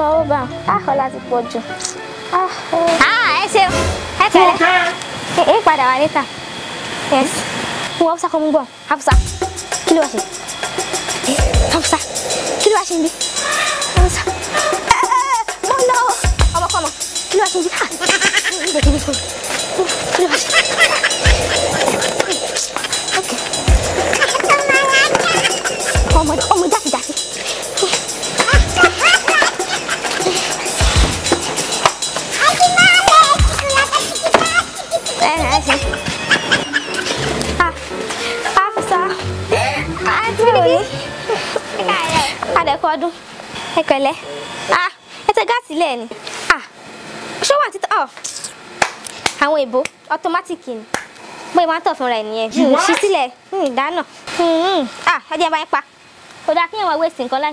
lọ́wọ́ bá ah olha ti pọ̀ jù ah ẹ ṣeun ẹ Que é padà wá níta yes mo hafsa kọ́ mo ń gbọ́ hafsa kí ló wá ṣe hafsa kí ló wá ṣe ń bí hafsa. ẹ kú ọdún ẹ pẹ̀lẹ́ ah ẹ tẹ gáàsì lẹ ni ah ṣé wà títà ọ àwọn èbó ọtọmátìkì ni bóyá máa ń tọ̀ fúnra ẹ̀ nìyẹn hmm, ṣí sílẹ̀ ìdáná hmm, ah hmm, ẹ jẹ́ bá yín pa kò dáa kí èèyàn wéèsì nǹkan láì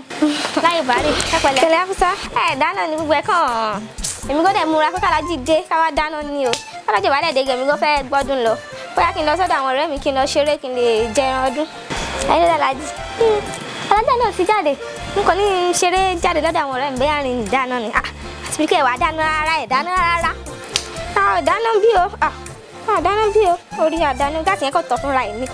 láì bàárẹ̀ ẹpẹ̀lẹ́. kẹlẹ afusa ẹ dáná ni gbogbo ẹ kàn án èmi gbọ́dọ̀ múra pé kálájì dé káwá dáná ni o kálájì wà lẹẹdẹ gẹmí gbọ fẹẹ gbọdún lọ bóyá kí n lọ sọ́dọ̀ àwọn ọ̀rẹ́ mi kí n lọ ṣeré kí n lè jẹran ọdún ẹni dálájì alájà náà ti jáde n kò ní ṣeré jáde lọ́dọ̀ àwọn ọ̀rẹ́ mi bẹ́ẹ̀ rìn ìdáná ni ah, àti bí kẹwàá dáná rárá ìdáná rárá àdáná bí o àdáná bí o orí àdáná gáàsì yẹn kò tọ̀ fúnra ẹ̀ ní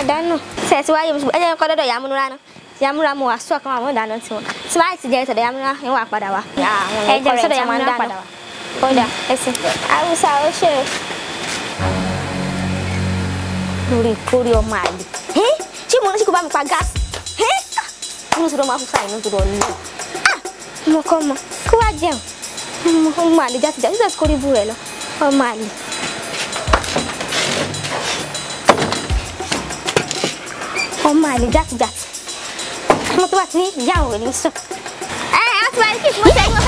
àdáná sẹ̀sì wáyé ẹ jẹ́ kọ́ dọ́dọ̀ yàmúra náà yàmúra mo wà sọ́ọ̀kan àwọn ìdáná tiwọn tí máa ti jẹ́ sọ̀dọ̀ yàmúra ẹ̀ wà padà wá ẹ jẹ́ sọ̀dọ̀ yàmúra padà wá kódà ẹ̀sìn haúsá ó ṣe lórí ìkórè ọmọ àlè ṣé inú tó dọ́ máa fún sáà inú tó dọ́ ní. mo kọ́ mọ kó wá jẹun ọmọ àlè jáde jáde jáde kórìí bú rẹ lọ ọmọ àlè. ọmọ àlè jáde jáde mo tó bá ti ní